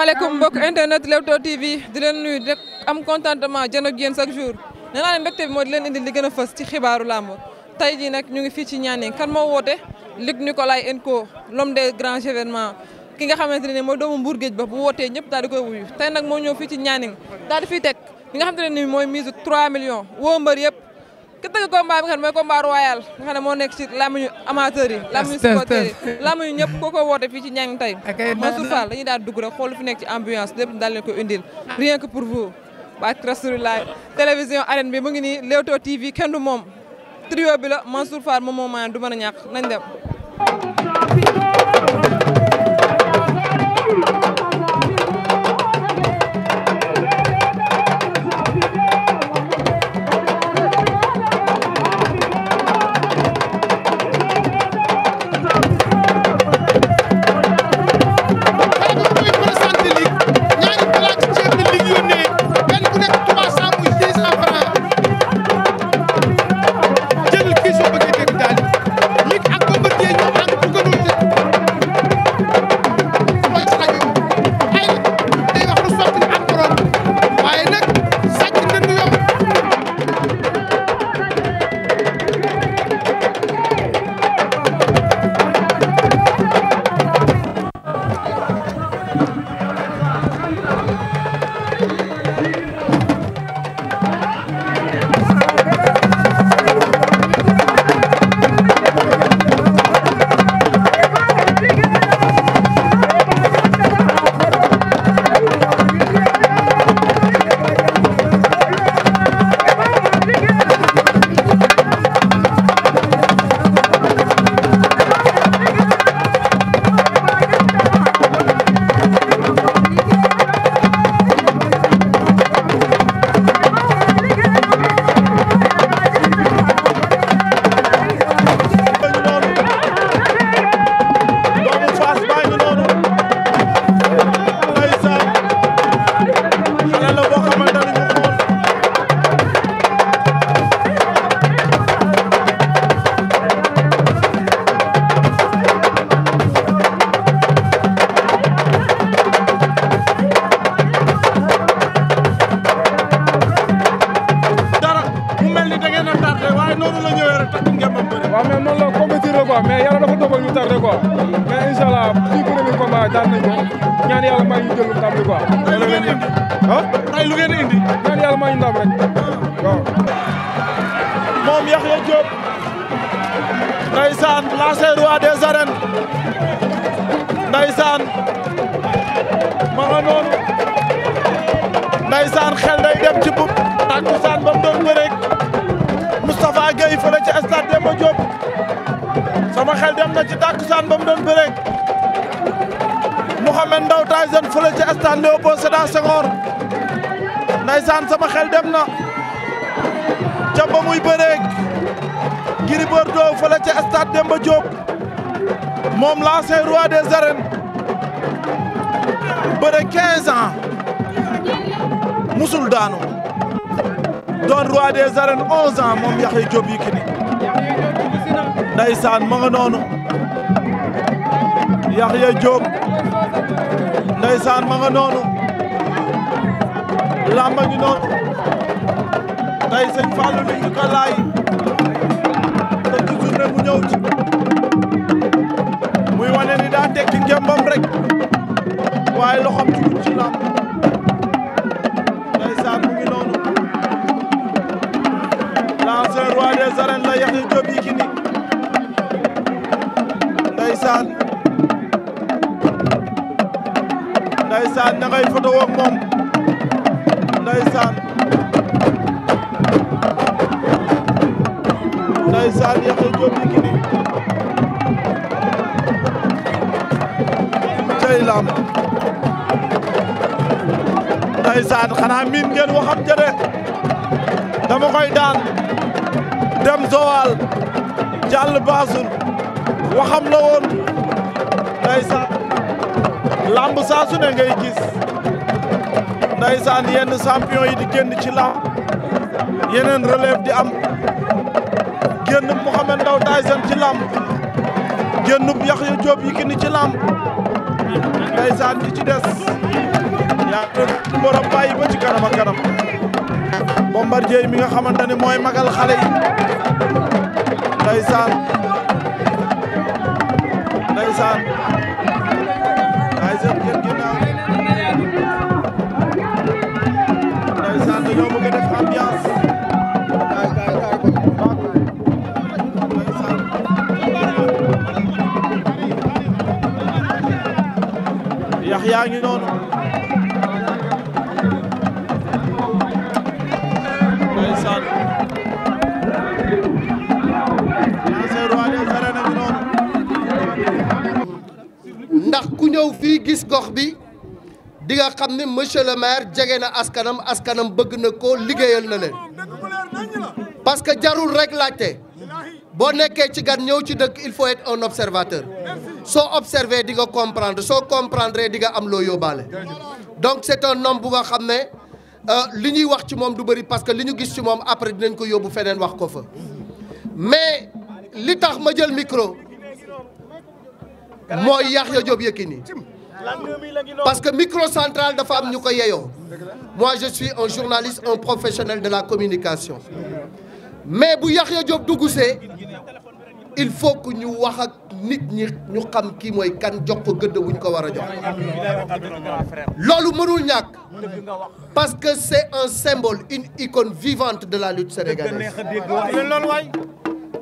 asalaamaaleykum mbokk internet Leewtoo TV di leen nuyu di am contentement jën ak yéen chaque jour nee naa leen mbégte bi moo di leen indil li gën a fës ci xibaaru làmb tey ji nag ñu ngi fii ci Nianing kan moo woote Luc Nicolaï Enco l'homme des grands événements ki nga xamante ne moo doomu Mbour géej ba bu wootee ñëpp daal di koy wuyu tey nag moo ñëw fii ci Nianing daal di fiy teg li nga xamante ne ni mooy mise 3 millions woo mbar yëpp ki tëgg combat bi nga nga xam ne moo nekk ci làmmiñu amateur yi làmmiñu supporter yi làmmiñu ñëpp koo ko woote fii ci ñang tey Mansour Fall dañuy daal dugg rek xool fi nekk ci ambiance ko indil rien que pour vous baak rasulillah télévision arène bi mu ngi nii Leewtoo TV kenn du moom trio bi la Mansour Fall moom moo maan du a ñàkk dem Tyson fële ca stade Léopold Sédar Senghor ndaysaan sama xel dem na ca ba muy bëreeg Gris Bordeaux fële ca stade Demba Diop moom l'ancien roi des arènes bëre 15 ans musul daanu doon roi des arènes 11 ans moom Yaxya Diop Yékini ndaysaan ma nga noonu Yaxya Diop ndeysaan ma nga noonu làmba noonu tey sëñ Fallou ñu ko laay te toujours ne muy wane ni daa tekki ngembam rek waaye loxoom ci ci làmb juboo moom ndeysaan ndeysaan Yaxya Joob Yékini cey miin ngeen waxam ja dama koy daan dem Joal jàll Baasul waxam la woon lamb saa su ne ndaysaan yenn champion yi di génn ci lamb yeneen relève di am génn Mouhamed Ndao Tyson ci lamb génnub Yaxya Diop Yékini ci lamb ndaysaan ki ci des yaa ngi borom bàyyi ba ci kanam ak kanam Bombardier mi nga xamante ne mooy magal xale yi ndaysaan ndaysaan yaa ndax ku ñëw fii gis gox bi dinga xam ne monsieur le maire jege na askanam askanam bëgg na ko liggéeyal na leen parce que jarul rek laajte boo nekkee ci gan ñëw ci dëkk il faut être un observateur soo observer di nga comprendre soo comprendre dinga am loo yóbbaale donc c'est un homme bu nga xam ne euh, li ñuy wax ci moom du bëri parce que li ñu gis ci moom après dinañ ko yóbbu feneen wax ko fa mais li tax ma jël micro mooy Yaxya Diop Yékini parce que micro central dafa am ñu ko yeyoo moi je suis un journaliste un professionnel de la communication mais bu Yaxya Diop dugusee il faut que ñu wax ak nit ñi ñu xam kii mooy kan jox ko gëdd bu ñu ko war a jox loolu mënul ñàkk parce que c'est un symbole une icône vivante de la lutte sénégalaise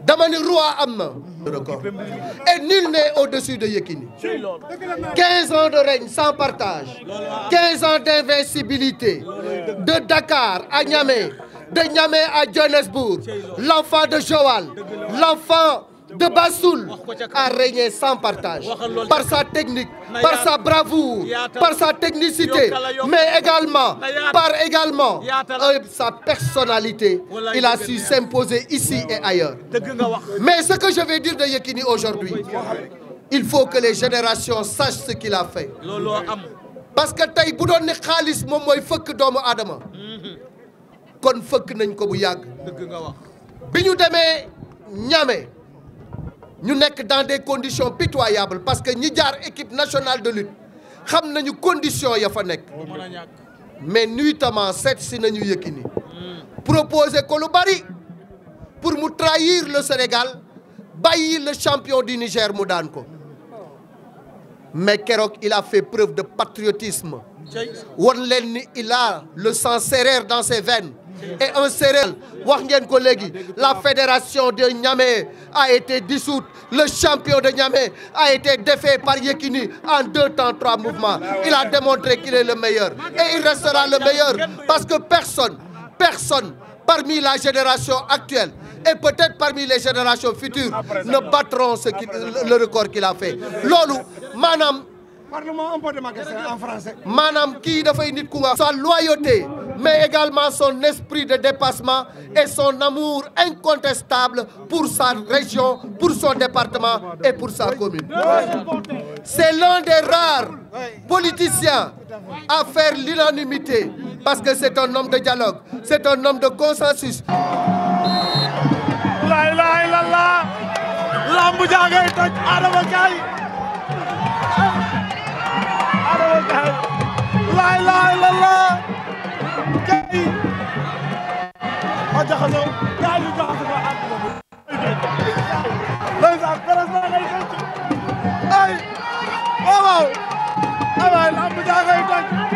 dama ni roi am na record et nul n'est au-dessus de Yekini 15 ans de règne sans partage 15 ans d'invincibilité de Dakar à Niamey de Niamey à Johannesburg l'enfant de Joal l'enfant de Bassoul a régné sans partage par sa technique par sa bravoure par sa technicité mais également par également euh, sa personnalité il a su s'imposer ici et ailleurs mais ce que je vais dire de Yekini aujourd'hui il faut que les générations sachent ce qu'il a fait parce que tey bu doon ne xaalis moom mooy fëkk doomu aadama mhm. kon fëkk nañ ko bu yàgg bi ñu demee ñame ñu nekk dans des conditions pitoyables parce que ñi jaar équipe nationale de lutte xam nañu conditions ya fa nekk mais nuitamment seet si nañu Yékini proposer ko lu bari pour mu trahir le Sénégal bàyyi le champion du Niger mu daan ko mais keroog il a fait preuve de patriotisme wan leen ni il a le sang sérère dans ses veines et un séréel wax ngeen ko léegi la fédération de Niamey a été dissoute le champion de Niamey a été défait par Yekini en deux temps trois mouvements il a démontré qu'il est le meilleur et il restera le meilleur parce que personne parmi la génération actuelle et peut-être parmi les générations futures ne battront ce qui le record qu'il a fait loolu Parlement un peu de magasin en maanaam kii dafay nit ku nga. sa loyauté mais également son esprit de dépassement et son amour incontestable pour sa région pour son département et pour sa commune. c'est l'un des rares politiciens à faire l'unanimité parce que c'est un homme de dialogue c'est un homme de consensus. la ilaha illallah lamb jaa ngay toj Adama Gaye laay laay la la kay ma jaxasoo gaa yi jaxasoo ma àdduna bi ndeysaan peres na ngay fecc ay waaw ay waay lamb jaa ngay toj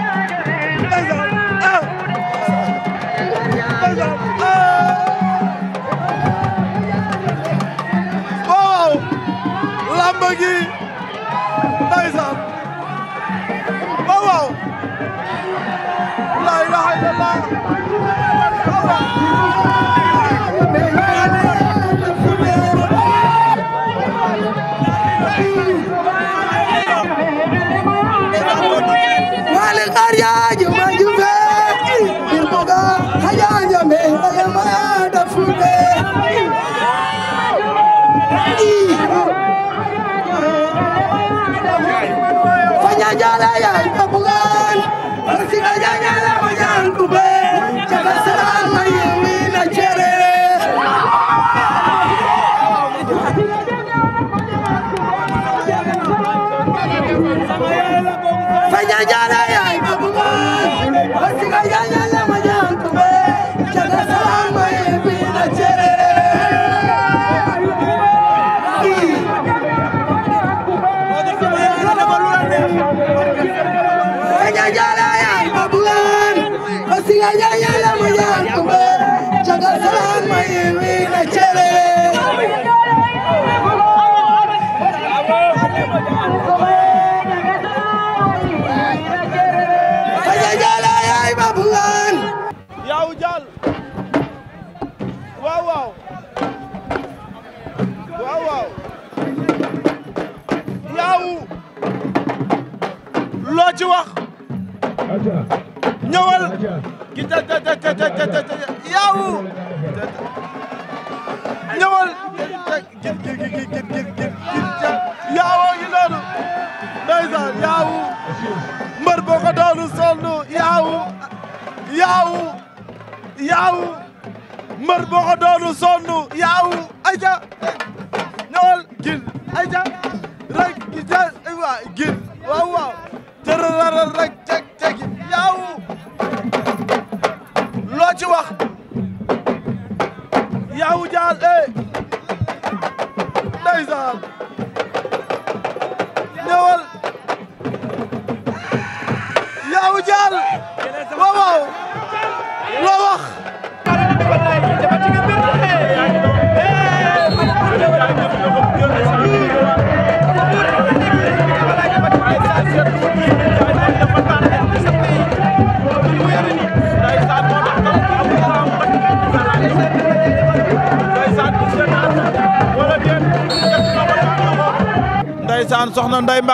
la ilaha illallah Fanya jala ya, kapunga. si nga ca ca ca ca yaawu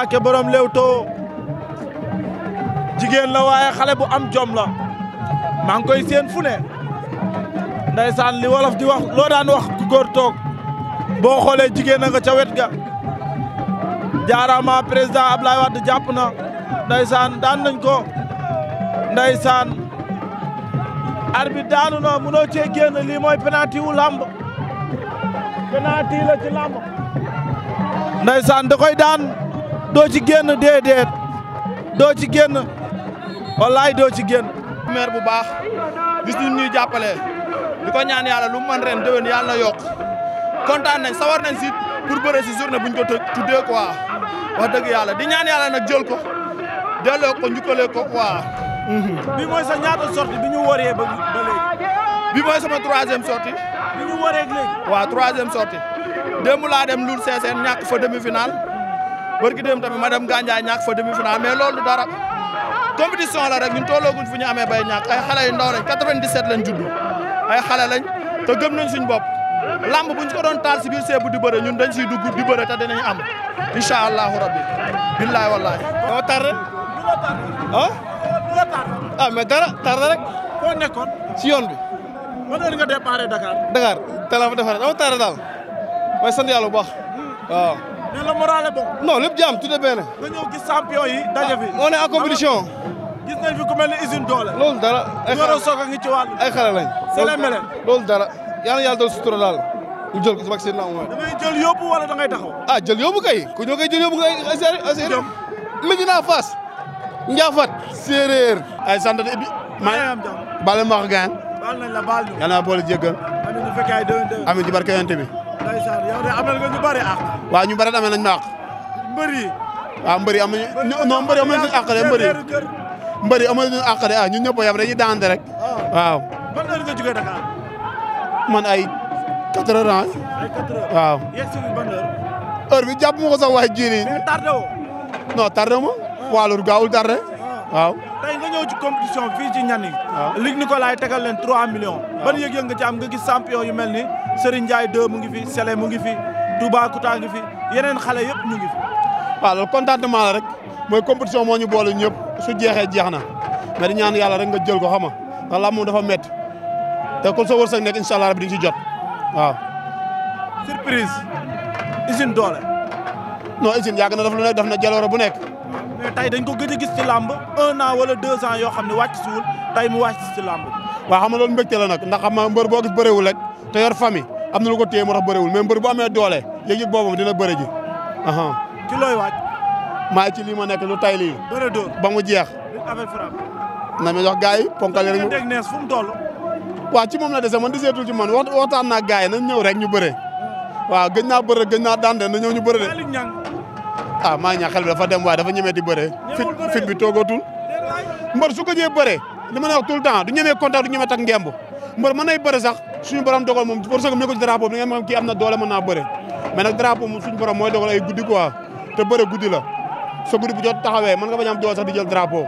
Mbacke borom Leewtoo jigéen la waaye xale bu am jom la maa ngi koy seen fu ne ndaysaan li wolof di wax loo daan wax ku góor toog boo xoolee jigéen a nga ca wet ga jaaraama président Ablaye Wade jàpp na ndaysaan daan nañ ko ndaysaan arbitre daanu na mënoo cee génn lii mooy penalty wu làmb penalty la ci làmb ndaysaan da koy daan doo ci génn déedéet doo ci génn wallaay doo ci génn maire bu baax gis ñu ñuy jàppale di ko ñaan yàlla lu man ren déwén yàlla na yokk kontaan nañ sawar nañ si pour bëre si journée buñ ko tuddee quoi wax dëgg yàlla di ñaan yàlla nag jël ko delloo ko ñu njukkalee ko quoi bi mooy sa ñaata sortie bi ñu waree ba ba léegi bi mooy sama troisième sortie bi ñu waree léegi waaw troisième sortie démb laa dem Loul Sessène ñàkk fa demi-finale barki dem tamit madame Gandiaye ñàkk fa demi-finale mais loolu dara compétition la rek ñun tollooguñ fu ñu amee bay ñàkk ay xale yu ndaw lañ 97 lañ judd ay xale lañ te gëm nañ suñ bopp lamb buñ ko doon taal si biir seebu di bëre ñun dañ siy dugg di bëre te dinañ am incha allahu rabbi billahi wallahi doo tar ah ah mais dara tar rek foo si yoon bi man heure nga déparé Dakar Dakar te la fa defaree dama tar daal mooy sant yàlla bu baax hmm. mais le moral est bon. non lépp jaam tout est bien. nga ñëw gis champion ku mel ni usine doole. loolu dara ay xale loolu a ngi ci wàllu. ay xale lañ. sële mele loolu dara yàlla yàlla dal sutura daal. ñu jël ko si vaccin naa mooy. da ngay yóbbu wala da ngay taxaw. ah jël yóbbu kay ku ñëw yóbbu kay assuré assuré. Médina Fass. Ndiafat. séeréer. ay sant bi. maa ngi am jàmm. baal ma wax gaan. baal nañ la baal ñu. yàlla bi waa ñu bëri àq. waaw ñu bëri amee nañ ma àq. mbëri. waaw mbëri am nañu non mbëri am nañu àq de mbëri. mbëri am nañu àq de ah ñun ñëpp a yem dañuy daante rek. Ah. waaw. man ay 4 ah. heures waaw. yegg si ban heure. heure bi jàpp ma ko sax waaye ji nii. mais tardé woo. waaw tey nga ñëw ci compétition fii ci ñan yi Luc Nicolaï tegal leen 3 millions ban yëg-yëg nga ci am nga gis champion yu mel ni Serigne Ndiaye 2 mu ngi fi Sele mu ngi fi Toubacouta ngi fi yeneen xale yëpp ñu ngi fi waaw loolu contentement la rek mooy compétition moo ñu boole ñëpp su jeexee jeex na mais di ñaan yàlla rek nga jël ko xama ndax la moom dafa métti te kon soo wërsëg nekk incha allah rabi di nga ci jot waaw surprise usine doole non usine yàgg na daf lu nekk na jaloore bu nekk mais tey dañ ko gëj gis ci làmb un an wala deux ans yoo xam ne wàcc suwul tey mu wàcc ci làmb waaw xam nga loolu mbégte la nag ndax xam nga mbër boo gis bëriwul rek te yor famille am na lu ko téye moo tax bëriwul mais mbër bu amee doole yëg-yëg boobam dina bëri ji ci looy waaj maa ci lii ma nekk lu tay lii bëre dóor ba mu jeex na ma jox gars yi ponkal rek ñu nees fu mu toll waaw ci moom la dese man deseetul ci man waxtaan naa gars yi nañ ñëw rek ñu bëre hmm. waaw gëj naa bëre gëj naa daan de na ñëw ñu bëre de ah maa ñaax xel bi dafa dem waaye dafa ñemee di bëre. fit fit bi toogatul. mbër su ko ñëwee bëre li ma la wax tout le du ñemee contact du ñemee tak ngemb mbër mën sax suñu borom dogal moom pour que mu ne ko ci drapeau bi nga am na doole mën naa bëre mais nag drapeau moom suñu borom mooy dogal ay guddi quoi te bëre guddi la sa bu jot taxawee mën nga bañ am doole sax di jël drapeau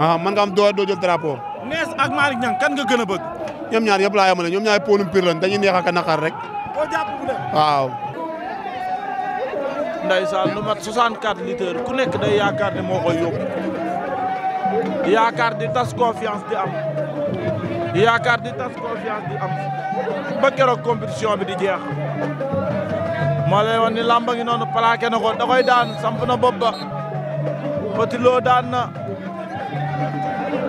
ah nga am doole doo jël a bëgg. ñoom ñaar yëpp ñoom ñaar ponum pir ndeysaan lu mat 64 litres ku nekk day yaakaar ne moo koy yóbbu yaakaar di tas confiance di am yaakaar di tas confiance ba keroog compétition bi di jeex moo lay wan ni làmba ngi noonu plaqué na ko da koy daan samp na bopp ba Petit Lo daan na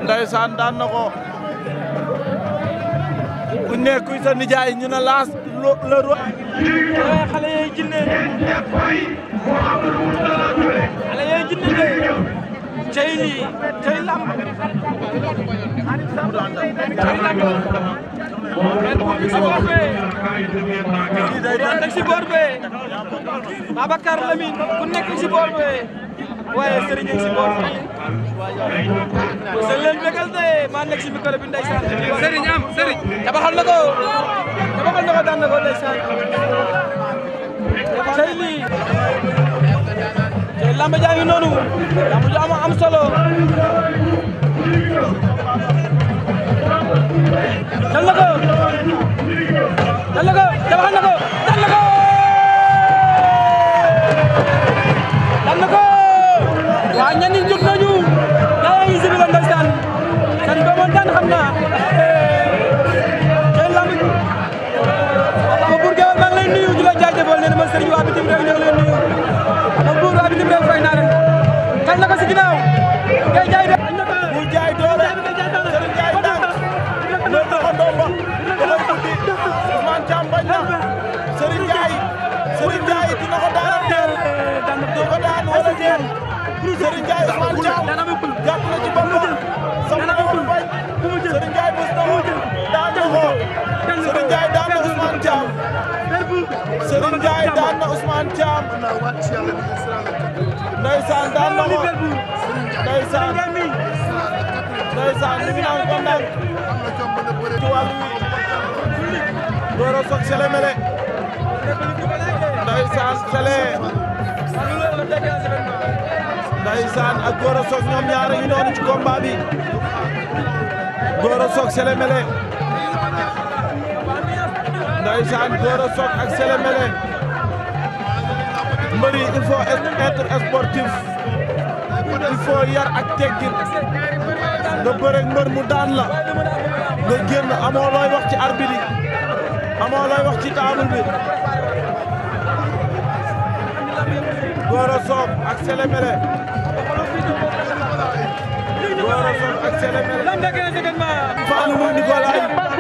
ndeysaan daan na ko ku nekk sa nijaay ñu ne laas le roi xale yee xale yee jinne de tey lii tey lamb tey lamb boor bee kii day daan nag nekk si boor bee waaye sëriñ si boor bee sëriñ leen bégal maa nekk si micro bi ndeysaan sëriñ am sëriñ tabaxal na waxal na ko daan na ko ndeysaan tey lii tey làmb noonu làmb am solo dal ko dal ko waxal ko sama sëriñ waa bitim réew ñoo ngi leen nuyu bitim réew fay naa leen xañ na ko si ginnaaw ngay jaay de bu jaay doole sëriñ jaay tànk loolu dafa ndomba loolu guddi Ousmane Thiam bañ na sëriñ jaay sëriñ jaay dina ko Serigne Ndiaye daan na Ousmane Thiam ndeysaan daan na ko ndeysaan ndeysaan ñu ngi naan ko ndànk ci wàllu Gora Sock Sélé Mélé ndeysaan Sélé ndeysaan ak Gora Sock ñoom ñaar ñu noonu ci combat bi Gora ndeysaan Gora Sock ak Sélé Mélé mbër yi il faut être sportif il faut yar ak teggin nga bëre ak mbër mu daan la nga génn amoo looy wax ci arbitre yi amoo looy wax ci table bi Gora Sock ak Sélé Mélé Gora Sock ak Sélé Mélé Fallou Nicolai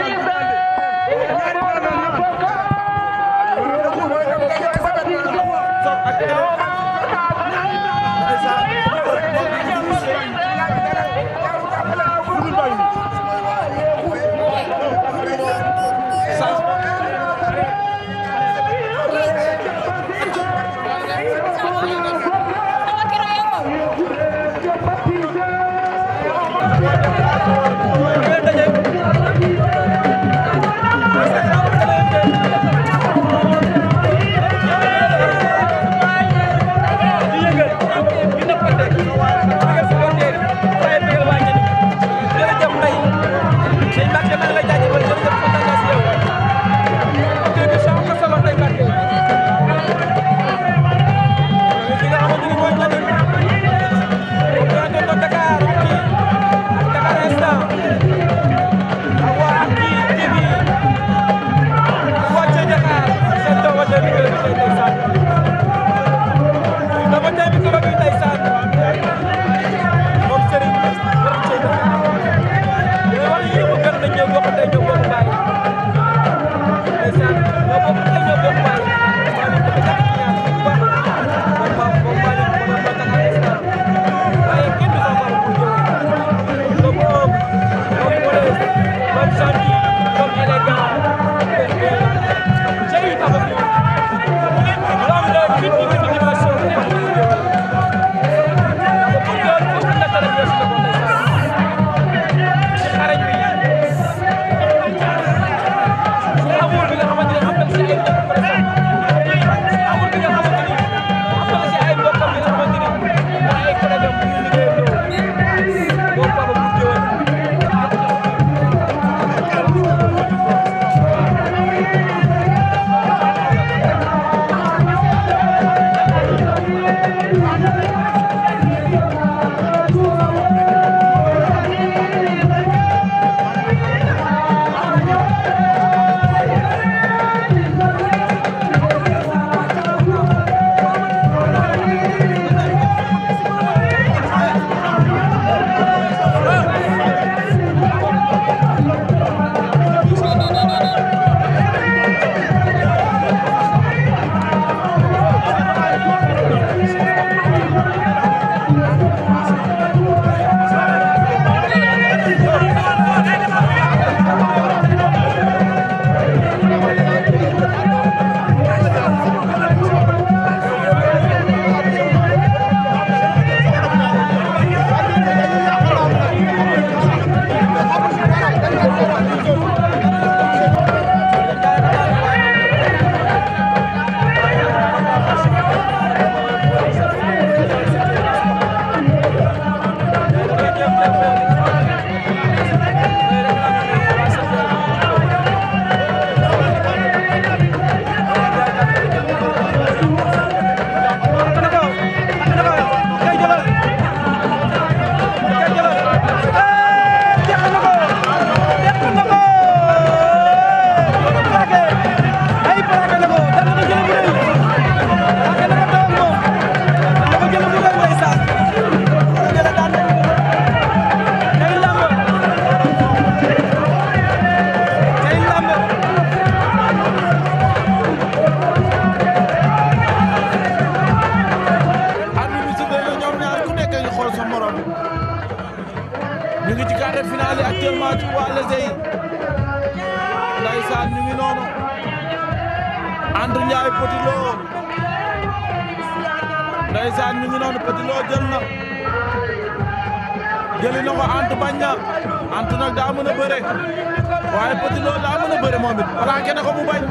waaye Petit Lo daa mën a bëre moom it plaqué na ko mu bañ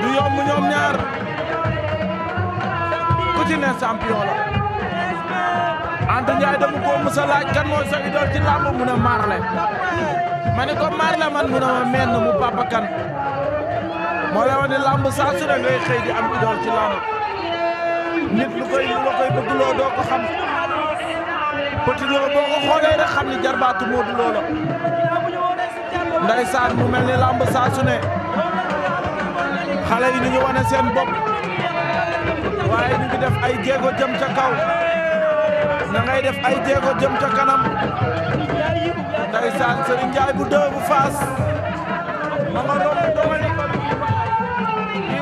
du yomb ñoom ñaar ku ci ne champion la Anta Ndiaye dama ko mës a laaj kan mooy sa idole ci làmb mu ne Marley ma ne ko Marley man mu ne ma menn mu Papa moo lay wax làmb saa su ne ngay xëy di am idole ci làmb nit lu koy lu la koy bëgg doo ko xam Petit Lo ko xoolee xam ne jarbaatu Modou ndaysaan mu mel ni làmb saa su ne xale yi ñu ngi wane seen bopp waaye ñu ngi def ay jëm ca kaw na def ay jéego jëm ca kanam ndaysaan Serigne Ndiaye bu dëw faas ma nga romb doole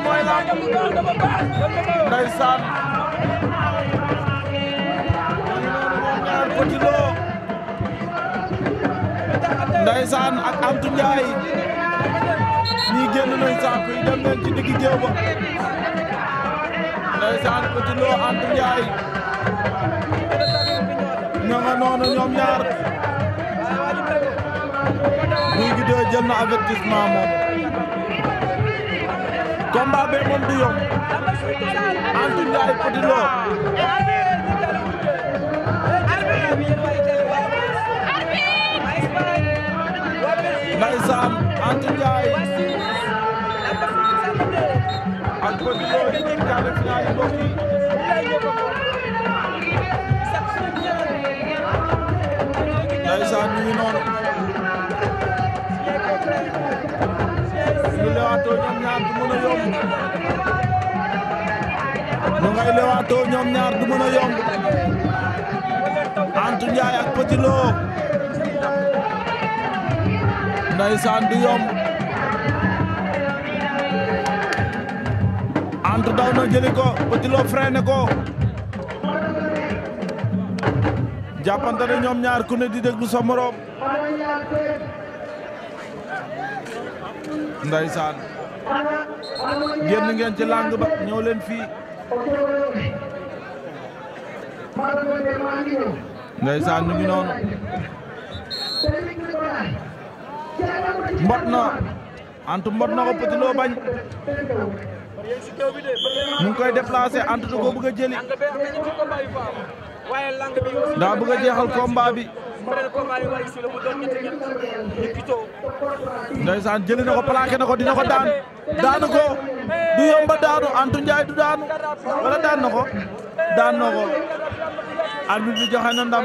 mooy làmb ndaysaan. Petit Lo Ndeysaan ak Antu Njaay ñii génn nañ saako yi dem ci digg géew ba Ndeysaan Petit Lo Antu Njaay ña nga noonu ñoom ñaar Gouye Gui 2 jël na avertissement moom combat bi moom du yomb Antu Njaay Anty Ndiaye ak Petit Lo yi nekk quart de finale yi mbokk yi ndeysaan ñu ngi noonu ñu lewaatoo ñoom ñaar du mën a yomb ñu ngay lewaatoo ñoom ñaar du mën a yomb Anty Ndiaye ak Petit Lo ndeysaan du yomb Anta daw na jëli ko Petit Lo freiné ko jàppante ne ñoom ñaar ku ne di déglu sa morom ndeysaan génn ngeen ci làng ba ñëw leen fii ndeysaan ñu ngi noonu mbot na Antou mbot na ko Petit Lo bañ mu ngi koy déplacé Antou da koo bëgg a jëli daa bëgg a jeexal combat bi ndeysaan jëli na ko plaqué na ko dina ko daan daanu ko du yomba daanu Antou Ndiaye du daanu wala daan na ko daan na ko arbitre bi joxe na ndam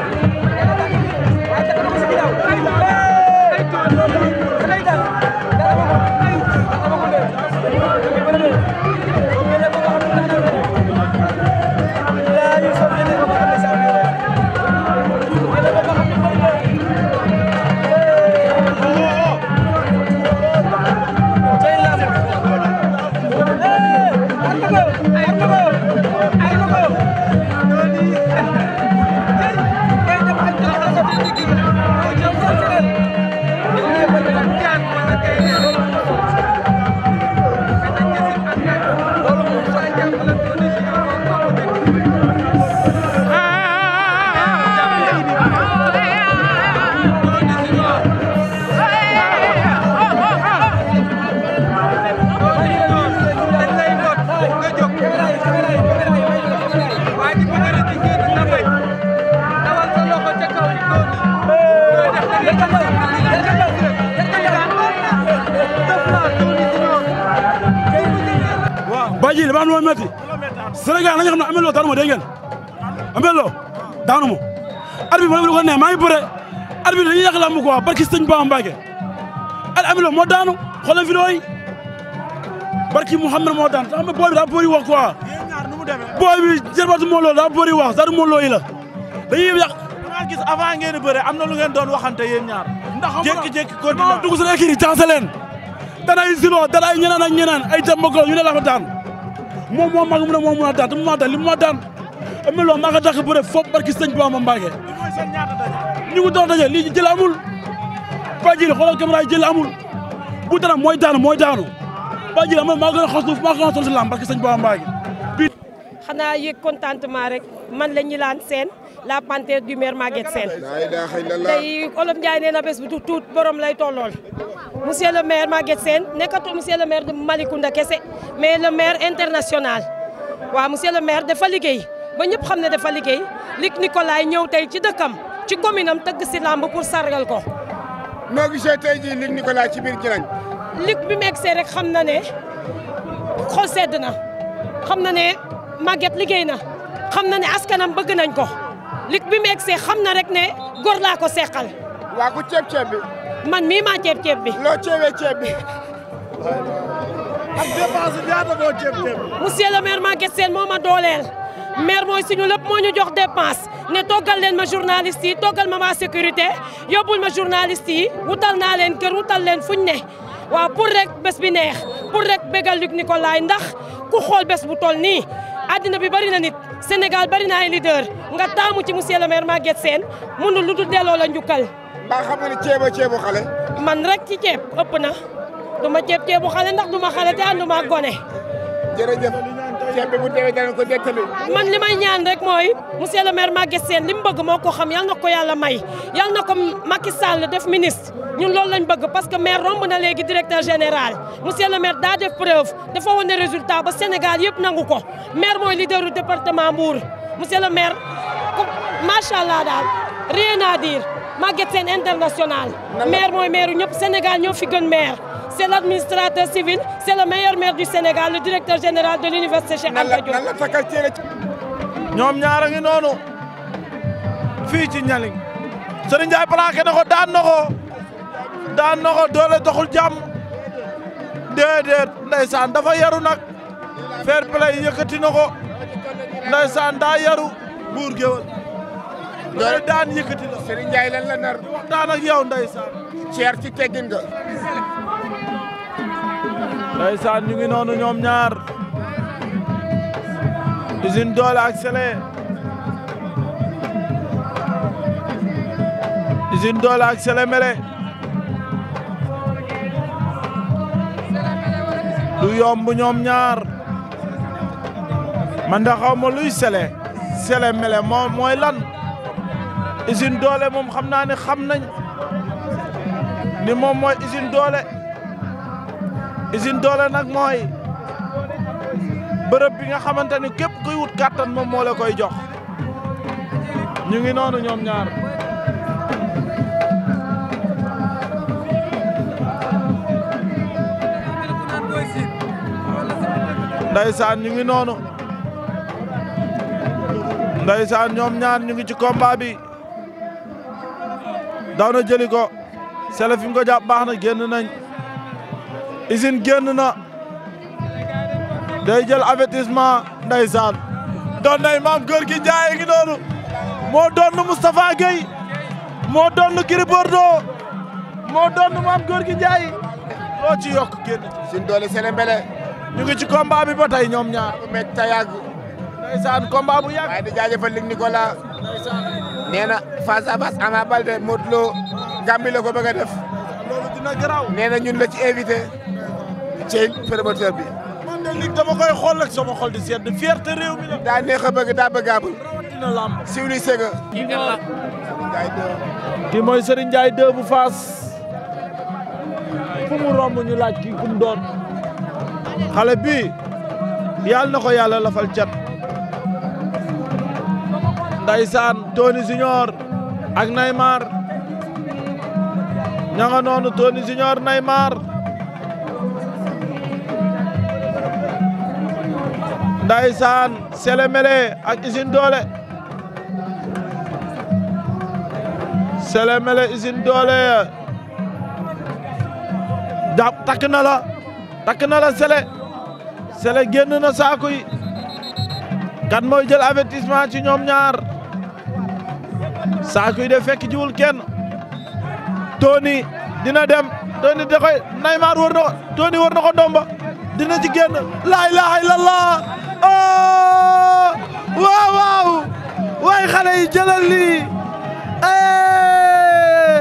Touba barki sëñ Bamba Mbacke al amilo moo daanu xoolal vidéo yi barki Mouhamed moo daan xam nga booy bi daa bëri wax quoi booy bi jërbatu moo loolu daa bëri wax sadu moo looyi la dañuy yàq maa gis avant ngeen bëre am na lu ngeen doon waxante yéen ñaar ndax jékki-jékki continué dugg seen écrit jaxase leen danay zilo danay ñeneen ak ñeneen ay na ñu ne la fa daan moom moo mag mu ne moom mun a daan mu ma daan li mu ma daan amelo maa ko dàq bëre foop barki sëñ Bamba Mbacke ñu ngi doon daje Bajir xoolal caméra yi jël amul bu dara mooy daanu mooy daanu Bajir am na maa gën a xas maa gën a sonn si lamb parce que sëñ Ba Mbaye bi xanaa yëg contentement rek man la Gnilane seen la panthère du maire Maguette Sène tey Olof Ndiaye nee na bés bu tuut tuut borom lay tollool monsieur le maire Maguette Sène nekkatu monsieur le maire de Malicounda kese mais le maire international waa monsieur le maire dafa liggéey ba ñëpp xam ne dafa liggéey Luc Nicolaï ñëw tey ci dëkkam ci commune am tëgg si làmb pour sargal ko noo gisee tey jii Luc Nicolaï ci biir Jalañ. Luc bi mu egsee rek xam na ne xol sedd na xam na ne Maguette liggéey na xam na ne askanam bëgg nañ ko Luc bi mu egsee xam na rek ne góor laa ko seqal. waa ku bi. man mii maa ceeb ceeb bi. loo ceebee ceeb bi. ak dépense ñaata boo ceeb ceeb bi. monsieur le maire Maguette Sène moo ma dooleel. maire mooy suñu lépp moo ñu jox dépense ne toggal leen ma journaliste yi toggal ma ma sécurité yóbbul ma journaliste yi wutal naa leen kër wutal leen fuñ ne waaw pour rek bes bi neex pour rek bégal Luc ndax ku xool bés bu toll nii àddina bi bari na nit Sénégal bari na ay leader nga taamu ci monsieur le maire Maguette Sène mënul lu dul delloo la njukkal. mbaa ceeba ceebu xale. man rek ci ceeb ëpp na du ma ceeb ceebu xale ndax du ma xale te ànduma ak ceeb bi bu déwee dana ko dettali man ñaan rek mooy monsieur le maire Maguette Sène moo ko xam yal na ko yalla may yal na ko Macky Sall def ministre ñun loolu lañ bëgg parce que maire romb na léegi directeur général monsieur le maire daa def preuve dafa wane résultat ba yëpp nangu ko maire mooy leader du département Mbour monsieur le maire macha allah daal rien à dire Maguette Sène international maire mooy maire ñëpp Sénégal ñoo fi gën maire c'est l'administrateur civil c'est le meilleur maire du Sénégal le directeur général de l'université Cheikh ñoom ñaar a ngi ci ñaling Serigne Ndiaye plaqué na ko daan na na ko doole doxul jàmm déedéet ndeysaan dafa yaru nag fair play yëkkati na ko ndeysaan daa yaru buur géwël doole daan yëkkati la Serigne Ndiaye lan ndeysaan ñu ngi noonu ñoom ñaar usine doole ak Sélé usine doole ak Sélé Mélé du yomb ñoom ñaar man da xaw ma luy Sélé Sélé Mélé mooy lan usine doole moom xam naa ne xam nañ ni moom mooy usine doole usine doole nag mooy bërëb bi nga xamante ni képp kuy wut kàttan moom moo koy jox ñu ngi noonu ñoom ñaar ndaysaan ñu ngi noonu ndaysaan ñoom ñaar ñu ngi ci combat bi daw na jëli ko sele fi mu ko jàpp baax na génn nañ usine génn na day jël avertissement ndeysaan doon nay maam góor gi Njaay ngi moo doon Moustapha Gueye moo doon Gris Bordeaux moo doon maam góor gi Njaay loo ci yokk génn sin doole sene mbele ñu ngi ci combat bi ba ñoom ñaar bu met ta yàgg ndeysaan combat bu yàgg waaye di jaajëfal Luc Nicolas nee na face à face Ama Baldé Modou Lo Gambie la ko bëgg a dina garaaw nee na ñun la ci invité cey promoteur bi. man de lig ba koy xool ak sama xol di sedd fierté réew mi la. daa neex daa bëgg a bëgg. rawatina lamb. siwli sega. kii bu Faas. fu mu romb ñu laaj kii doon xale bii yàlla na ko yàlla lafal cat ndaysaan Tony Junior ak Neymar ña nga noonu Tony Junior Neymar ndaysaan Sele Mele ak Usine Doole Sele Mele Usine Doole jàpp takk na takk na la Sele Sele génn na saako yi kan mooy jël avertissement ci ñoom ñaar saako yi de fekk jiwul kenn Tony dina dem Tony da koy Neymar wër na ko wër na ko ndomba dina ci génn laa ilaaha illallah oh waaw waaw way xale yi jëlal lii eh!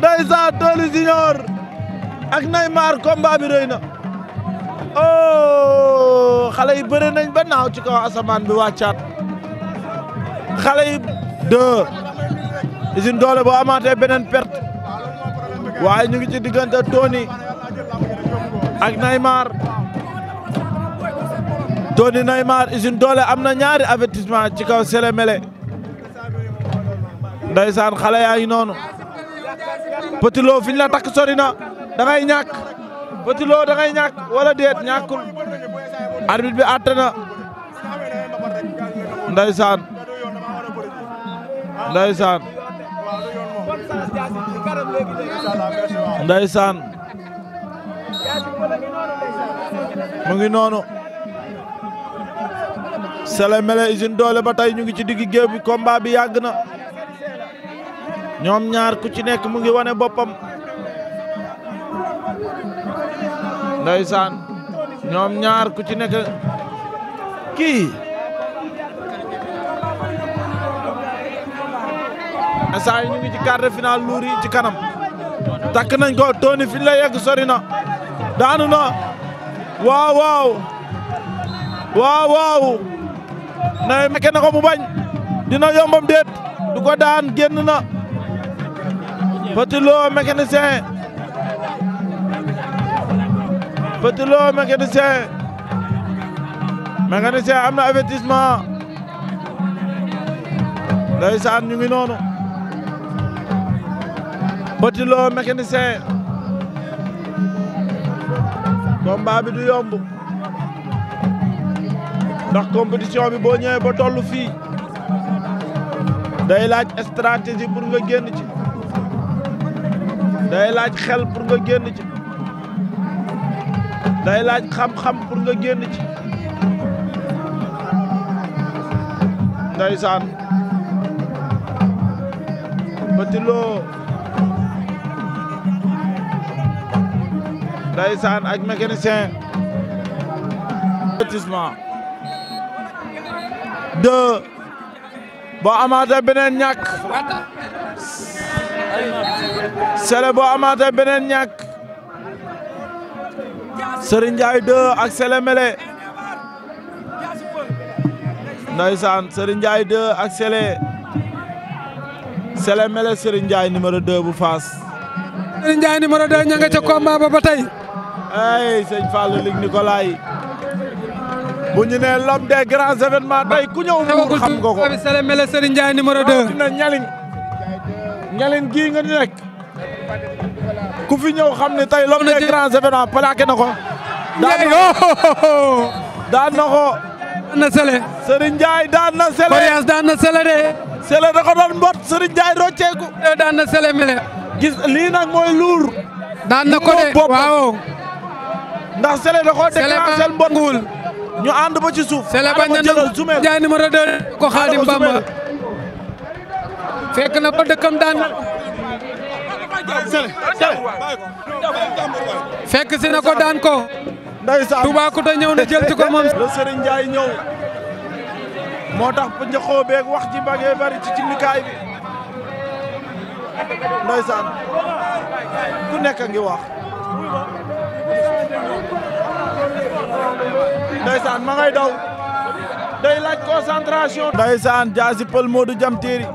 ndeysaan Tony Junior ak Neymar combat bi rëy na oh yi bëre nañ ba naaw ci kaw asamaan bi wàccaat xale yi deux usine doole boo amaatee beneen pert waaye ñu ngi ci diggante Tony ak Tony Neymar Usine Doole am na ñaari avertissement ci kaw Sele Mele ndeysaan xale yaa ngi noonu Petit Lo fi la takk sori na da ngay ñàkk Petit Lo da ngay ñàkk wala déet ñàkkul bi àtte na ndeysaan ndeysaan ndeysaan mu ngi noonu Sele Mele usine doole ba tey ñu ngi ci digg géew bi combat bi yàgg na ñoom ñaar ku ci nekk mu ngi wane boppam ndeysaan ñoom ñaar ku ci nekk kii saa yi ñu ngi ci quart de finale luur yi ci kanam takk nañ ko Tony fi la lay yegg sori na daanu na waaw waaw na meke na ko mu bañ dina yombam déet du ko daan génn na Petit Lo mécanicien Petit Lo mécanicien mécanicien am na avertissement ndeysaan ñu ngi noonu Petit Lo mécanicien combat bi du yomb ndax compétition bi boo ñëwee ba toll fii day laaj stratégie pour nga génn ci day laaj xel pour nga génn ci day laaj xam-xam pour nga génn ci ndeysaan Petit Lo ndeysaan ak mécanicien deux boo amaatee beneen ñàkk Sélé boo amaatee beneen ñàkk Serigne Ndiaye deux ak Sélé Mélé ndeysaan Serigne Ndiaye deux ak Sélé Sélé Mélé Serigne Ndiaye numéro deux bu Fass. Serigne Ndiaye numéro deux ña nga ca ba tey. ay sëñ Fallou Luc Nicolaï. bu ñu nee l'homme des grands événements tey ku ñëw Mbour xam nga ko. Sele Mele Serigne Ndiaye numéro 2. dina ñaliñ ñaliñ gii nga nekk ku fi ñëw xam ne tey l'homme des grands événements plaqué na ko. ko oh! daan na ko. na Sele. Serigne Ndiaye daan na Sele. Coriace daan na Sele de. Sele da ko doon mbot Serigne Ndiaye rocceeku. Eh, daan na Sele Mele. lii nag mooy luur. daan na ko de waaw. ndax Sele da koo déclenché mbot. ñu ànd ba ci suuf. Sélé bañ na jaay numéro 2 ko Xaadim Bamba fekk na ba dëkkam daan. fekk si na ko daan ko. ndeysaan ñëw na jël ci ko moom. moo tax ba njëkkoo wax ji bagee bari ci cimikaay bi ku nekk a ngi wax. ndeysaan ma ngay daw day laaj concentration ndeysaan jaasi pël Modou Jamtéeri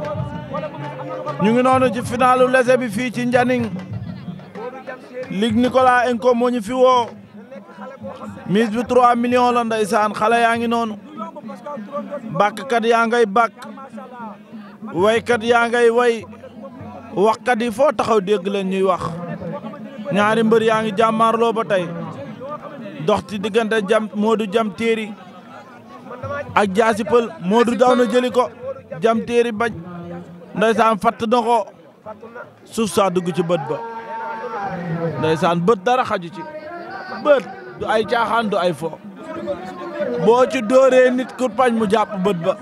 ñu ngi noonu ci finalu lese bi fii ci Njaning Luc Nicolas Enko moo ñu fi woo mise bi trois millions la ndeysaan xale yaa ngi noonu bakkat yaa ngay bàkk waykat yaa ngay way waxkat yi foo taxaw dégg leen ñuy wax ñaari mbër yaa ngi jàmmaarloo ba tey dox ci diggante jam Modou jam téeri ak jaasi pël Modou daw na jëli ko jam téeri bañ ndeysaan fatt na suuf saa dugg ci bët ba ndeysaan bët dara xaju ci bët du ay caaxaan du ay fo boo ci dóoree nit ku pañ mu jàpp bët ba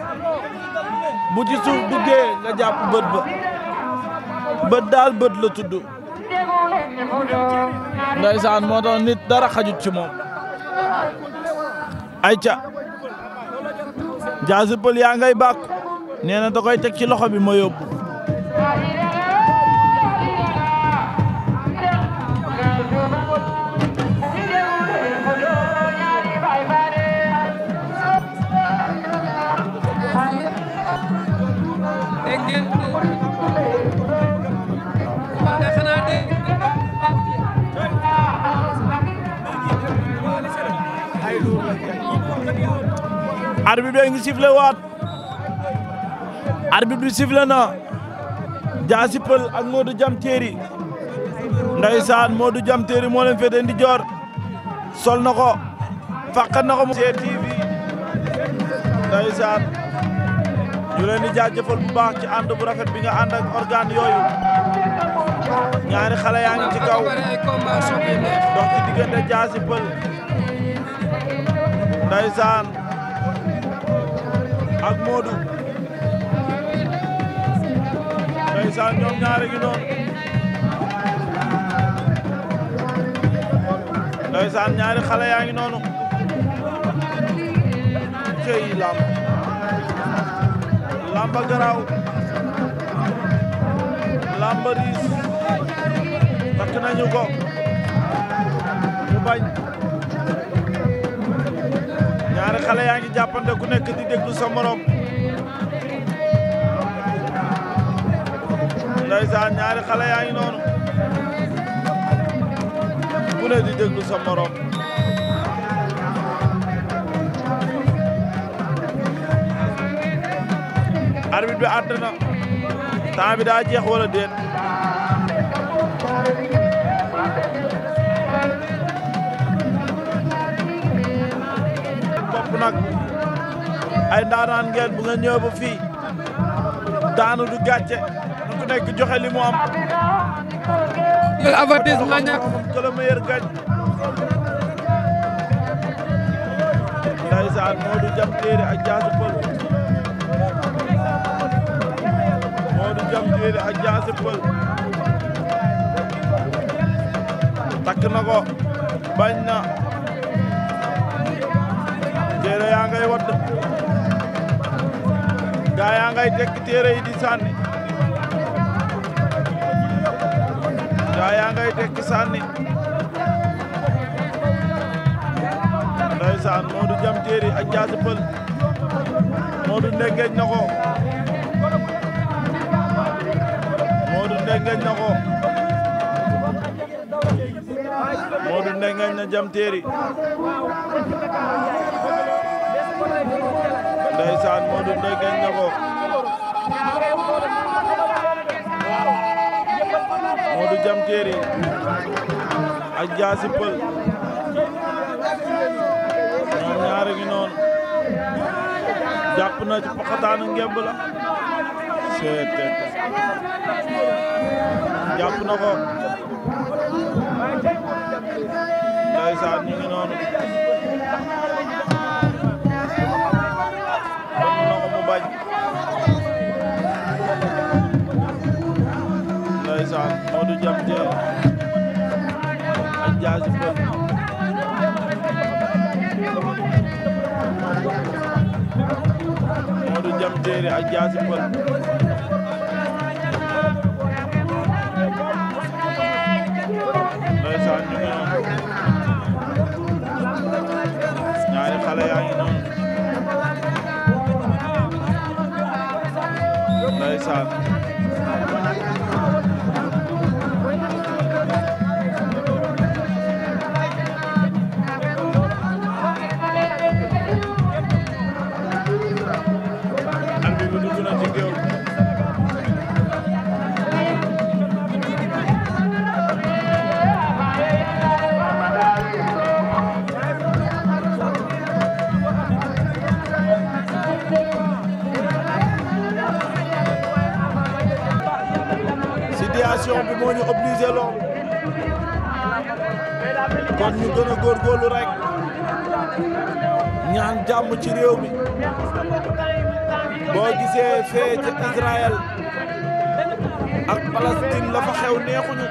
bu ci suuf duggee nga jàpp bët ba bët daal bët la tudd ndeysaan moo tax nit dara xaju ci moom ayca jaasi pël yaa ngay bàkk nee na da koy teg ci loxo bi ma yóbbu arbitre bi ngi sifflé waat arbitre bi sifflé na Diassy Peulh ak Modou Jam Téeri ndeysaan Modou Jam Téeri moo leen féete ndi joor sol na ko fàqat na ko mu TV ndeysaan ñu leen di jaajëfal bu baax ci ànd bu rafet bi nga ànd ak organe yooyu ñaari xale yaa ngi ci kaw dox ci diggante Diassy Peulh ndeysaan ak Modou ndeysaan ñoom ñaari gi noonu cey lamb lamba garaaw lamba riis takk nañu ko mu bañ ñaari xale yaa ngi ñaari xale ngi noonu ku ne di déglu sa morom bi àtt na temps bi daa jeex wala déet ay ndaanaan ngeen bu ngeen ñëw ba fii daanu du gàcce na ku nekk joxe li mu am. avertissement ñàkk que le meilleur gagne. Ndeysaan Modou Jam Téere ak Diassy Peul. Modou Jam Téere ak Diassy Peul. takk na ko bañ na. Vélo yaa ngay wadd gaa yaa ngay tekki téere yi di sànni gaa yaa ngay tekki sànni ndeysaan Modou jam téere yi ak jaasi pël Modou ndengeej na ko Modou ndengeej na ko Modou ndengeej na jam téere yi ndeysaan Modou Ndoye gañ na ko Modou Jam Téere ak Jaasi Pël ñoom ñaari ngi noonu jàpp na ci paxataanu la seet jàpp na ko ndeysaan ñu ngi noonu jam je a jaajëfal Modou Jam Téere a jaajëfal ndeysaan ñu ngi noonu ñaari xale yaa ngi noonu ndeysaan moo ñu obligé kon ñu gën a góorgóorlu rek ñaan jàmm ci réew mi boo gisee fee ca Israël ak Palestine la fa xew neexuñu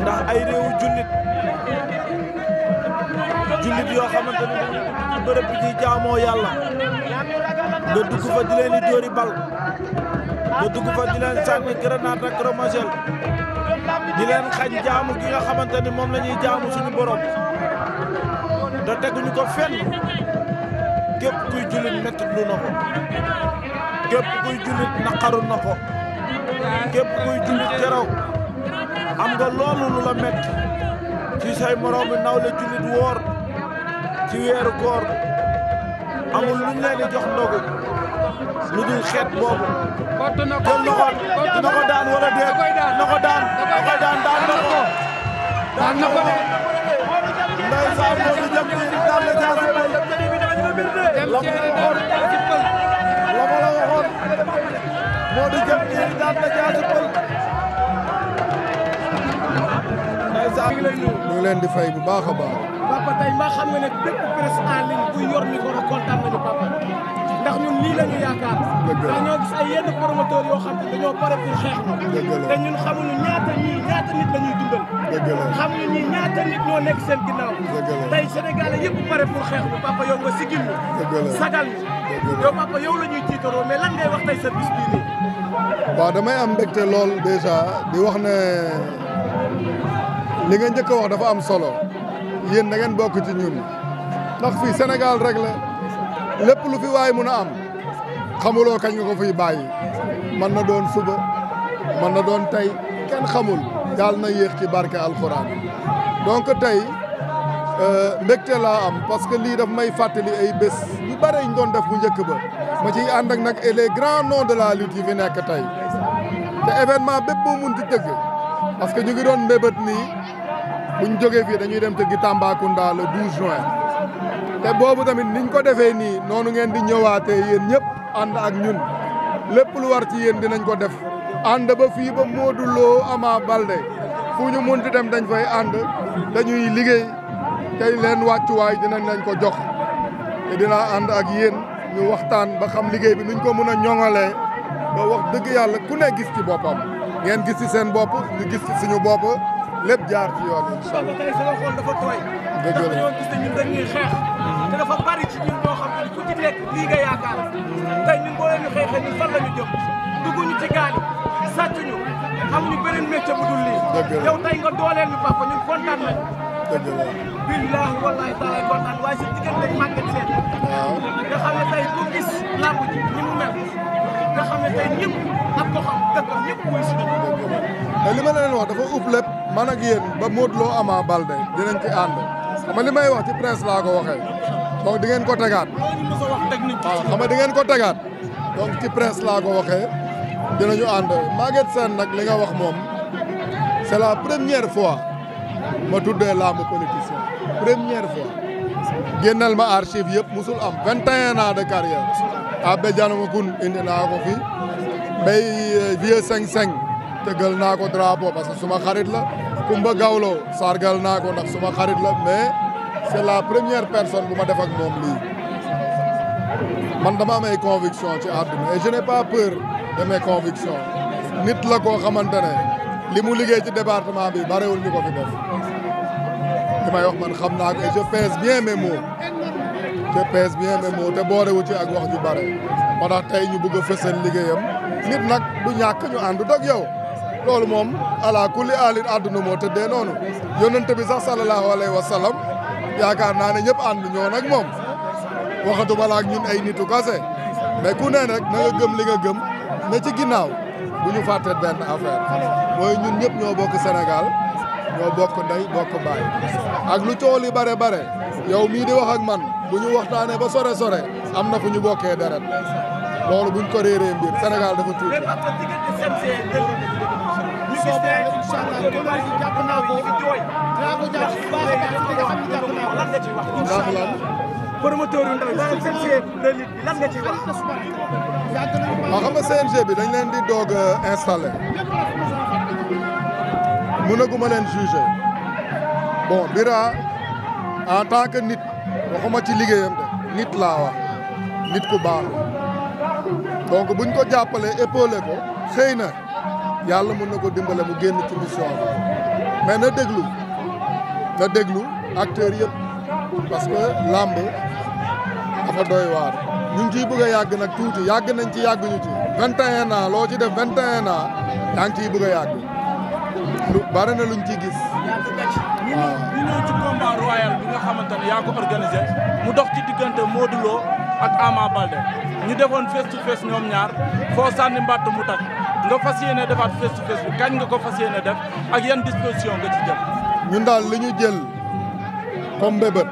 ndax ay réewu jullit jullit yoo xamante ne ci bërëb bi ñuy jaamoo yàlla nga dugg fa di leen di dóori bal. mu dugg fa di leen sànni grenade ak romagel di leen xañ jaamu gi nga xamante ni moom la ñuy jaamu suñu borom te teguñu ko fenn képp kuy jullit métti lu na ko képp kuy jullit naqaru na képp kuy jullit keroog am nga loolu lu la métti ci say morom bi jullit woor ci weeru koor amul luñ leen jox ndogu lu dul xeet boobu jël na ko na ko daan wala déet na ko daan na ko daan daan na ko. daan na ko de. ndeysaan Modou Diam Terry daan na Diassy Peulh. la ko la waxoon la ko la waxoon Modou Diam Terry daan na Diassy Peulh. ndeysaan ñu ngi leen di fay bu baax a baax. papa tey maa xam nga ne bépp presse en ligne buy yor micro kontaan nañu papa. ndax ñun lii la ñu yaakaar ndax ay yenn promoteur yoo xam ne dañoo pare ñaata nit la ñuy dundal xamuñu ñii ñaata nit ñoo nekk seen ginnaaw tey Sénégal yëpp pare pour xeex bu papa yow nga sigil ñu sagal yow papa yow la ñuy tiitaroo lan ngay wax tey sa bis nii waaw damay am mbégte lool dèjà di wax ne li nga njëkk wax dafa am solo yéen da ngeen bokk ci ñun ndax fii Sénégal rek la lépp lu fi waay mun a am xamuloo kañ nga ko fiy bàyyi man na doon suba man na doon tey kenn xamul yàlla na yéex ci barke alxuraan donc tey euh, mbégte laa am parce que lii daf may fàttali ay bés yu bare ñu doon def bu njëkk ba ma ci ànd ak nag et les grands noms de la lutte yi fi nekk tey te événement bépp boo mun parce que ñu ngi doon mbébét nii buñ jógee fii dañuy dem tëggi Tambacounda le 12 juin te boobu tamit niñ ko defee nii noonu ngeen di ñëwaatee yéen ñëpp ànd ak ñun lépp lu war ci yéen dinañ ko def ànd ba fii ba Modou Lo Ama Baldé fu ñu munti dem dañ fay ànd dañuy liggéey tey leen wàccuwaay dinañ lañ ko jox te dinaa ànd ak yéen ñu waxtaan ba xam liggéey bi nuñ ko mën a ñoŋalee ba wax dëgg yàlla ku ne gis ci boppam ngeen gis ci seen bopp ñu gis ci suñu bopp lépp jaar ci yoon nga jëlee te dafa bari ku gis làmb ji mu mel nga xam ne tey ñëpp ak ko xam dëkkam ñëpp mooy suñu dëgg la te li ma leen wax dafa ëpp lépp man ak yéen ba Modou Lo Ama Baldé dinañ ci ànd. xam nga li may wax ci presse laa ko waxee donc di ngeen ko tegaat waaw xam nga ngeen ko tegaat donc ci presse laa ko waxee dinañu ànd Maguette Sène nag li nga wax moom c'est la première fois ma tuddee laamu politicien première fois génnal ma archive yëpp musul am 21 ans de carrière abbé indi naa ko fi bay euh, vieux cinq cinq tëggal naa ko drapeau parce que suma xarit la Kumba Gawlo sargal naa ko ndax suma xarit la c'est la première personne bu ma def ak moom lii man dama am ay conviction ci àdduna et je pas peur de mes nit la koo xamante ne li mu liggéey ci département bi barewul ñu ko fi def li may wax man xam naa ko et je bien mes mots je pèse bien mes mots te boorewu ci ak wax ju bare moo tax tey ñu bëgg a liggéeyam nit nag du ñàkk ñu àndut ak yow loolu moom ala kulli aalit àdduna moo tëddee noonu bi sax sallallahu alayhi wa yaakaar naa ne ñëpp ànd ñoo nag moom waxatu la ak ñun ay nitu kase mais ku ne rek na nga gëm li nga na ci ginnaaw bu ñu fàtte benn affaire mooy ñun ñëpp ñoo bokk Sénégal ñoo bokk ndey bokk baay ak lu cool yi bare bare yow mii di wax ak man bu ñu waxtaanee ba sore sore am na fu ñu bokkee deret loolu buñ ko réeree mbir Sénégal dafa tuuti soobee yàlla incha allah góor naa si jàpp naa ko dinaa ko jàpp bu baax a baax li nga ko lan nga ndaw yi maanaam CNG de lutte bi dañ leen di doog installé mënaguma leen jugé bon Bira tant que nit ci liggéeyam de nit laa wax nit ku baax donc buñ ko jàppalee épaulé ko xëy na. yàlla mën na ko dimbale mu génn ci mission bi mais na déglu na déglu acteurs yëpp parce que làmb dafa doy waar. ñu ngi ciy bëgg a yàgg nag tuuti yàgg nañ ci yàgg ñu ci. 21 naa loo ci def 21 ans yaa ciy bëgg a yàgg lu bari na luñ ciy gis. ñu ñëw ci combat royal bi nga xamante yaa ko organisé mu dox ci diggante Modou Lo ak Ama ñu defoon face to ñoom ñaar foo sànni mbàtt mu tàkk. nga fas yéene defaat face to kañ nga ko def ak yan disposition nga ci jël. ñun daal li ñu jël comme bébét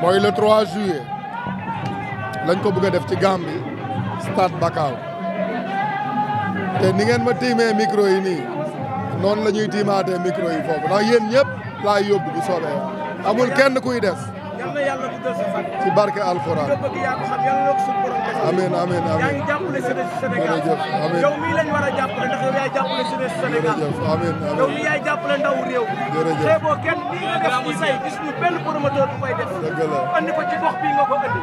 mooy le 3 juillet lañ ko bëgg a def ci Gambie stade Bakaaw te ni ngeen ma tiimee micro yi nii noonu la ñuy tiimaatee micro yi foofu ndax yéen ñëpp laay yóbbu bu soobee amul kenn kuy des. yal na yàlla guddal sa fan. ci barke alxuraan. nga bëgg yaa ko xam yal na ko suñu borom defal. amiin amiin amiin yaa ngi jàppale jeunesse Sénégal. amiin yow mii lañ war a jàppale ndax yow yaay jàppale jeunesse Sénégal. amiin amiin yow mii yaay jàppale ndaw réew. jërëjëf tey boo kenn nii nga def ci say gis ñu benn promoteur bu koy def. dëgg la andi ko ci gox bii nga ko andi.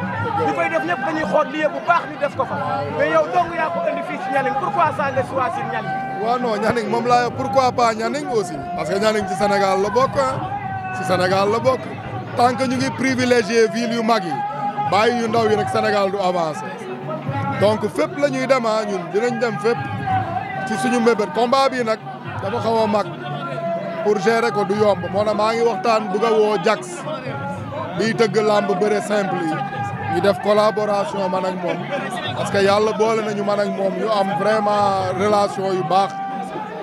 ñu koy def ñëpp dañuy xool lii bu baax ñu def ko fa. mais yow dong yaa ko andi fii ci Nianing pourquoi ça nga choisir Nianing. waaw non Nianing moom laa pourquoi pas Nianing aussi parce que Nianing ci Sénégal la bokk ah. ci Sénégal la bokk tant que ñu ngi privilégié ville yu mag yi bàyyi yu ndaw yi nag Sénégal du avancé donc fépp la ñuy dem ah, ñun dinañ dem fépp ci suñu mbébét combat bii nag dama xaw a mag pour gérer ko du yomb moo tax maa ngi waxtaan bëgg a woo Jax biy tëgg làmb bëre simple yi ñu def collaboration ma ak moom parce que yàlla boole nañu ma ak moom ñu am vraiment relation yu baax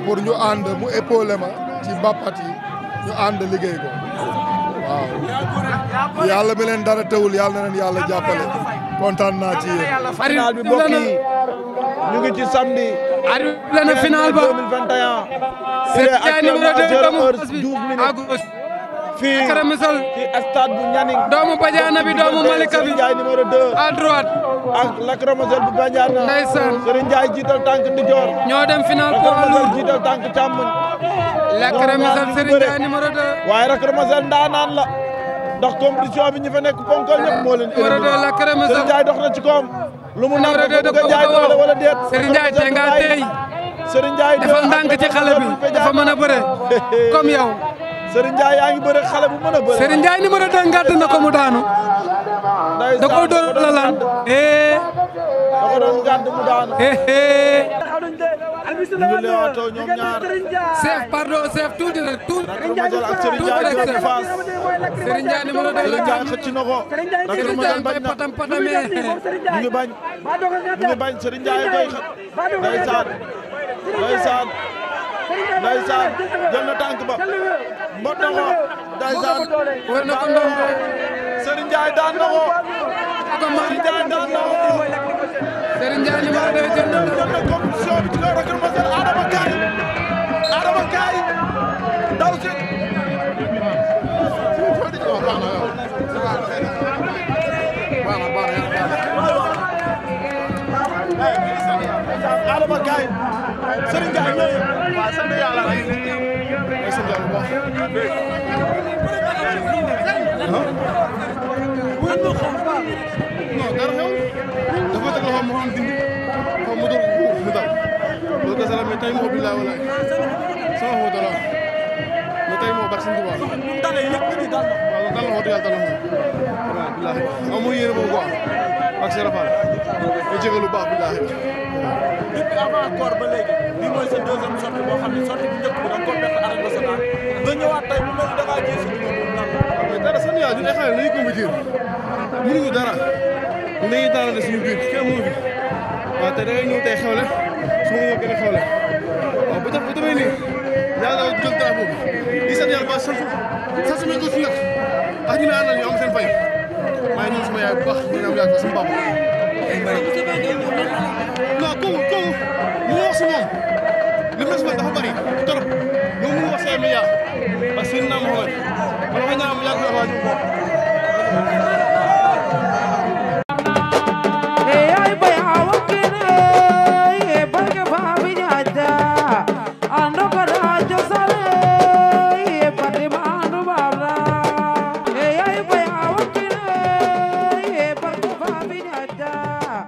pour ñu ànd mu épaulé ma ci mbappat yi ñu ànd liggéey ko waaw yàlla mi leen dara teewul yàlla na leen yàlla jàppale kontaan naa ci yi ñu ngi ci samedi. arbitre na final ba 2021. c' est actuellement zéro heure douze minutes. fii ci stade bu Nianing. doomu Badiana bi doomu Malika bi Ndiaye numéro 2. à droite. ak jiital tànk ndijoor. ñoo dem final pour Lacrymogène Serigne Ndiaye numéro 2. waaye Lacrymogène ndaanaan la ndax compétition bi ñu fa nekk ponkal ñëpp moo leen. numéro 2 Lacrymogène Serigne Ndiaye dox na ci koom. lu mu nar da ko jaay doole wala déet. Serigne Ndiaye tey ngaa tey. Serigne Ndiaye defal ndànk ci xale bi dafa mën a bëre comme yow. Serigne Ndiaye yaa ngi bëre xale bu mën a bëre. Serigne Ndiaye numéro 2 ngàtt na ko mu daanu. Eh. da ko doon la da ko doon ngàtt mu daanu. Eh, eh. ñu ngi leewaatoo ñoom ñaar. chef pardon chef tuuti rek tuuti. tuuti rek chef. Serigne Ndiaye numéro 2 la daan xëcc na ko. Serigne Ndiaye bay patam patamee. ñu ndeysaan jël na tànk ba mbot na ko ndeysaan wër na ko ndombo Serigne Ndiaye daan na ko Serigne Ndiaye daan na ko Serigne Ndiaye li ma doy jël na commission bi ci loolu rek ma sel Adama Kaay Adama Kaay daw si Adama Kaay Serigne Ndiaye ñooñu. waaw sant yàlla rek. mooy sant yàlla bu baax. non dara xew dafa teg loxo moo am dindi xaw ma doon wóob mu dal loolu kese la mais tey moo bilaay walaay sama moo dara mais tey moo bari sëñ Tuubaa. waaw dal la wax dëgg yàlla dal la waaw bilaay aw ma yéene boobu quoi ak Serapal ma jégalu baax bilaay. depuis avant koor ba léegi. bii mooy sa deuxième sortie boo xam ne sortie bu njëkk bi da nga ko def arène nationale nga ñëwaat tey bu mel da ngaa a sa dugub boobu lan la. dara sant yàlla ñun ay xale lañu compétir mënuñu dara dañuy daanaka suñu biir kenn mënu su ma ñëw gën a xewle waaw bu tax bu demee nii yàlla daal jël dara boobu di sant yàlla ba sant sant nañ ko suñu yàq ak ñu ne àndal ñu am seen fay maa ngi nuyu sama yaay bu baax ñu ne am yaay sama papa non kooku kooku mu wax si moom li mu respecté dafa bëri trop yow mu wax say milliards parce que naa ma xool man wax ñaar milliards